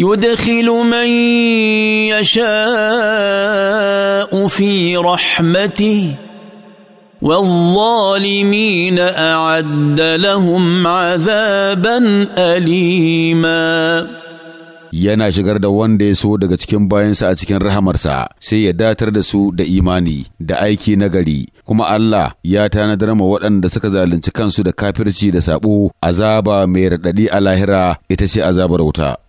يدخل من يشاء في رحمته والظالمين اعد لهم عذابا اليما yana shigar da wanda ya so daga cikin bayansa a cikin rahamarsa sai ya datar da su da imani da aiki nagari kuma Allah ya tanadar ma waɗanda suka zalunci kansu da kafirci da saɓo, azaba mai raɗaɗi a lahira ita ce azabar wuta